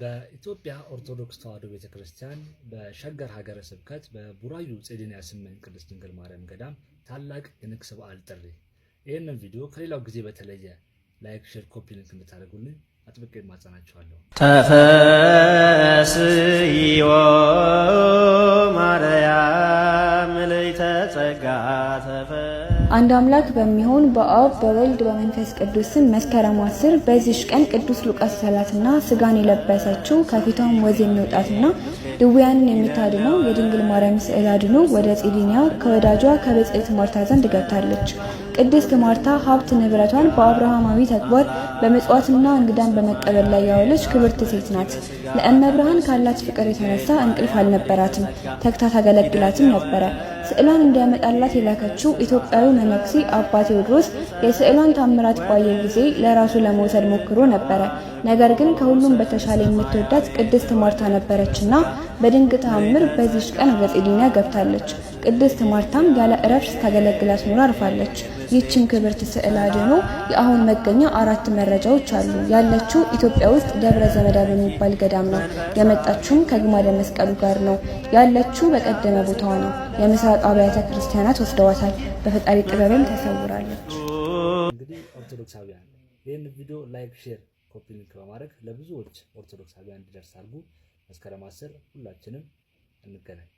በኢትዮጵያ ኦርቶዶክስ ተዋሕዶ ቤተ ክርስቲያን በሸገር ሀገረ ስብከት በቡራዩ ጼድንያ ስምን ቅድስት ድንግል ማርያም ገዳም ታላቅ የንግስ በዓል ጥሪ። ይህንን ቪዲዮ ከሌላው ጊዜ በተለየ ላይክ፣ ሼር፣ ኮፒ ሊንክ እንድታደርጉልን አጥብቄ ማጸናችኋለሁ። ተፈስዮ ማርያም ልዕልተ ጸጋ አንድ አምላክ በሚሆን በአብ በወልድ በመንፈስ ቅዱስ ስም መስከረም አስር በዚች ቀን ቅዱስ ሉቃስ ሰላትና ስጋን የለበሰችው ከፊቷም ወዝ የሚወጣትና ድውያንን የምታድነው የድንግል ማርያም ስዕል አድኖ ወደ ፂሊንያ ከወዳጇ ከብፅዕት ማርታ ዘንድ ገብታለች። ቅድስት ማርታ ሀብት ንብረቷን በአብርሃማዊ ተግባር በመጽዋትና እንግዳን በመቀበል ላይ ያዋለች ክብርት ሴት ናት። ለእመብርሃን ብርሃን ካላት ፍቅር የተነሳ እንቅልፍ አልነበራትም፣ ተግታ ታገለግላትም ነበረ። ስዕሏን እንዲያመጣላት የላከችው ኢትዮጵያዊ መነኩሴ አባ ቴዎድሮስ የስዕሏን ታምራት ባየ ጊዜ ለራሱ ለመውሰድ ሞክሮ ነበረ። ነገር ግን ከሁሉም በተሻለ የምትወዳት ቅድስት ማርታ ነበረችና በድንቅ ተአምር በዚች ቀን በጽድኛ ገብታለች። ቅድስት ማርታም ያለ እረፍት ስታገለግላት ኑራ አርፋለች። ይህችን ክብርት ስዕል አድኖ የአሁን መገኛ አራት መረጃዎች አሉ። ያለችው ኢትዮጵያ ውስጥ ደብረ ዘመዳ በሚባል ገዳም ነው። የመጣችውም ከግማደ መስቀሉ ጋር ነው። ያለችው በቀደመ ቦታዋ ነው። የምስራቅ አብያተ ክርስቲያናት ወስደዋታል። በፈጣሪ ጥበብም ተሰውራለች። እንግዲህ ኦርቶዶክሳውያን ይህን ቪዲዮ ላይክ፣ ሼር፣ ኮፒ ሊንክ በማድረግ ለብዙዎች ኦርቶዶክሳውያን እንዲደርስ አድርጉ። መስከረም አስር ሁላችንም እንገናኝ።